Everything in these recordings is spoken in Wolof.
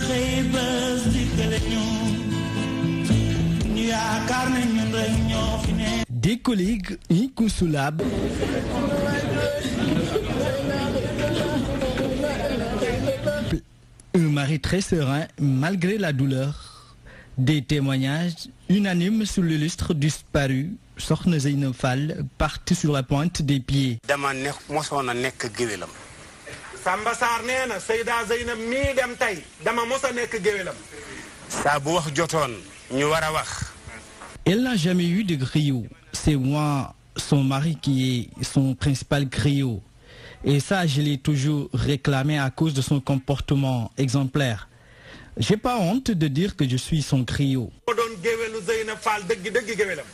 xëy des collègues inconsolables. Un mari très serein malgré la douleur. Des témoignages unanimes sur l'illustre disparu Soxna Zeyna sur la pointe des pieds. dama nekk mosoon a nekk géwélam. Samba Sarr nee na Seyda Zeynab mii dem tey dama mos a nekk géwélam saa bu wax jotoon ñu war a wax. Elle n'a jamais eu de griot. C'est moi, son mari, qui est son principal griot. Et ça, je l'ai toujours réclamé à cause de son comportement exemplaire. J'ai pas honte de dire que je suis son griot. ko doon géwélu Zeynab Fall dëgg dëgg géwélam.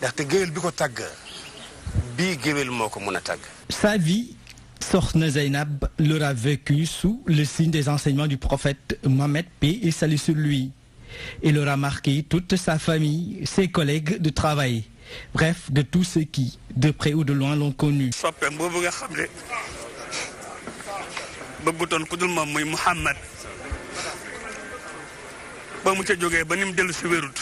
ndaxte géwél bi ko tàgg bii géwél moo ko mun a tàgg. Sa vie Sokhna Zainab l'aura vécu sous le signe des enseignements du prophète Mohammed, paix et salut sur lui. Il aura marqué toute sa famille, ses collègues de travail, bref, de tous ceux qui, de près ou de loin, l'ont connu. soppeem boobu nga xam ne bëggutoon ku dul moom muy Muhammad ba mu ca jógee dellu si wérut.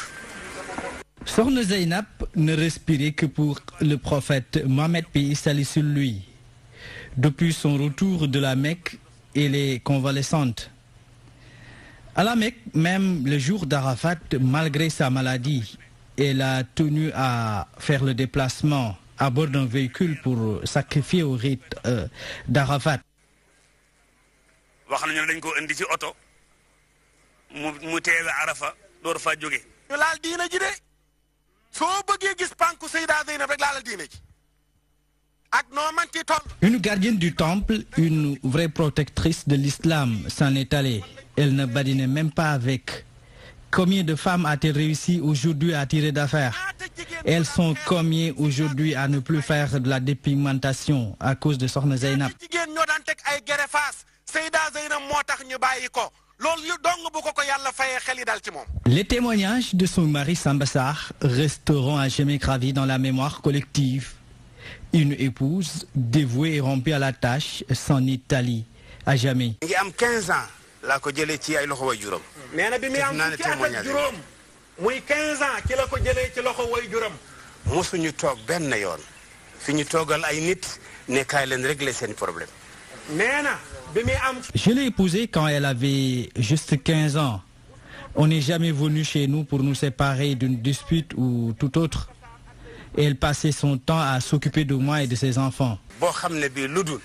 Sokhna Zainab ne pour le prophète Mohammed, paix et salut sur lui. Depuis son retour de la Mecque, elle est convalescente. À la Mecque, même le jour d'Arafat, malgré sa maladie, elle a tenu à faire le déplacement à bord d'un véhicule pour sacrifier au rite euh, d'Arafat. wax na ñoom dañ ko indi ci oto mu mu teewe Arafa door faa jóge ñu laal diina ji de Une gardienne du temple, une vraie protectrice de l'islam, s'en est allée. Elle ne badinait même pas avec. Combien de femmes a-t-elle réussi aujourd'hui à tirer d'affaires Elles sont combien aujourd'hui à ne plus faire de la dépigmentation à cause de Sohna Zainab les témoignages de son mari Sambassar resteront à jamais gravis dans la mémoire collective une épouse dévouée et rompue à la tâche s'en est alliée à jamais. ngi am 15 ans laa ko ci ay loxo way juróom. nee na bi muy am fukki at ak ci la ko jëlee ci loxo way juróom. mosuñu toog benn yoon fi ñu toogal ay nit ne kaay leen régler seen problème. nee na bi muy am. je l'ai épousée quand elle avait juste ans on n'est jamais venu chez nous pour nous séparer d'une dispute ou tout autre. et elle passait son temps à s'occuper de moi et de ses enfants. boo xam ne bii lu dul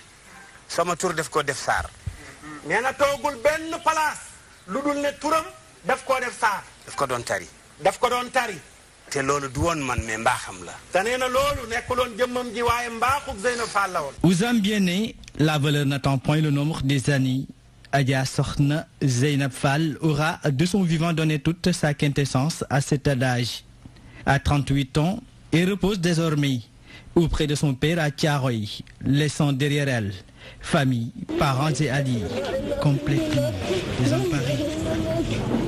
sama tur def ko def saar. nee na toogul benn place lu dul ne turam def koo def saar. daf ko doon tari. daf ko doon tari. te loolu du woon man mais mbaaxam la. te nee na loolu nekkuloon jëmmam ji waaye mbaaxub Zeyna Fall la woon. Ousame Biéné la valeur n'attend point le nombre des années. Adja Sokhna Zeynab Fall aura de son vivant donné toute sa quintessence à cet adage. À 38 ans, et repose désormais auprès de son père à Tiaroy, laissant derrière elle famille, parents et alliés complètement désemparés.